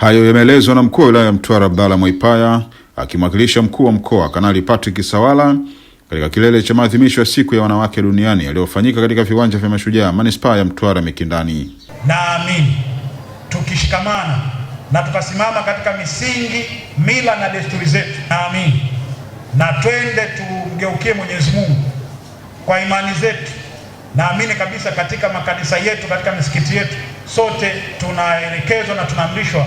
Hayo yameelezwa na mkuu wa wilaya ya Mtwara Abdalla Mwaipaya akimwakilisha mkuu wa mkoa Kanali Patrick Sawala katika kilele cha maadhimisho ya siku ya wanawake duniani yaliyofanyika katika viwanja vya Mashujaa manispaa ya Mtwara Mikindani. Naamini tukishikamana na tukasimama katika misingi, mila na desturi zetu, naamini na twende tumgeukie Mwenyezi Mungu kwa imani zetu, naamini kabisa katika makanisa yetu, katika misikiti yetu, sote tunaelekezwa na tunaamrishwa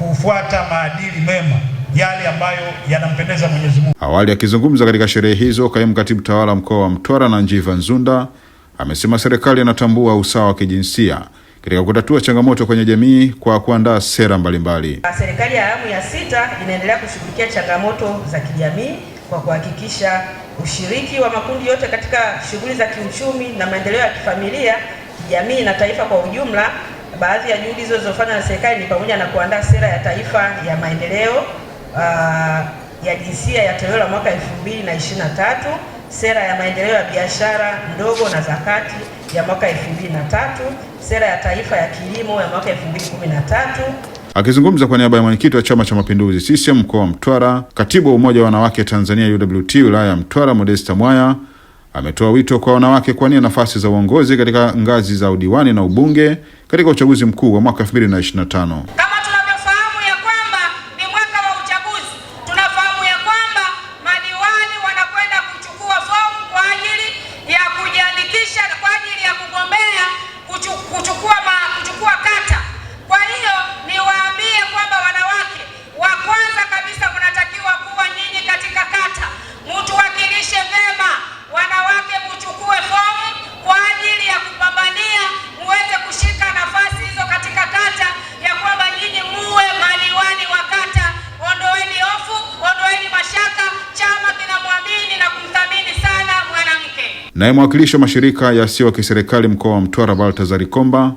kufuata maadili mema yale ambayo yanampendeza Mwenyezi Mungu. Awali akizungumza katika sherehe hizo, kaimu katibu tawala mkoa wa Mtwara Njiva Nzunda amesema serikali inatambua usawa wa kijinsia katika kutatua changamoto kwenye jamii kwa kuandaa sera mbalimbali. Serikali ya awamu ya sita inaendelea kushughulikia changamoto za kijamii kwa kuhakikisha ushiriki wa makundi yote katika shughuli za kiuchumi na maendeleo ya kifamilia, kijamii na taifa kwa ujumla Baadhi ya juhudi hizo zilizofanywa na serikali ni pamoja na kuandaa sera ya taifa ya maendeleo uh, ya jinsia ya toleo la mwaka 2023, sera ya maendeleo ya biashara ndogo na za kati ya mwaka 2023, sera ya taifa ya kilimo ya mwaka 2013. Akizungumza kwa niaba ya mwenyekiti wa Chama cha Mapinduzi CCM mkoa wa Mtwara, katibu wa Umoja wa Wanawake Tanzania UWT wilaya ya Mtwara Modesta Mwaya ametoa wito kwa wanawake kuwania nafasi za uongozi katika ngazi za udiwani na ubunge katika uchaguzi mkuu wa mwaka 2025. Naye mwakilishi wa mashirika yasiyo ya kiserikali mkoa wa Mtwara Baltazar Komba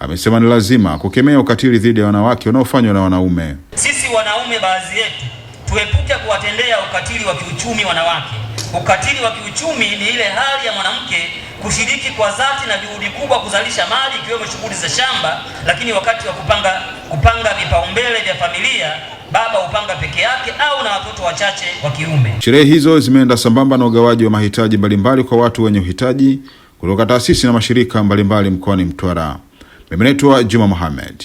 amesema ni lazima kukemea ukatili dhidi ya wanawake unaofanywa na wanaume. Sisi wanaume baadhi yetu tuepuke kuwatendea ukatili wa kiuchumi wanawake. Ukatili wa kiuchumi ni ile hali ya mwanamke kushiriki kwa dhati na juhudi kubwa kuzalisha mali ikiwemo shughuli za shamba, lakini wakati wa kupanga, kupanga vipaumbele vya familia baba upanga peke yake au na watoto wachache wa kiume. Sherehe hizo zimeenda sambamba na ugawaji wa mahitaji mbalimbali kwa watu wenye uhitaji kutoka taasisi na mashirika mbalimbali mkoani Mtwara. Mimi naitwa Juma Mohamed.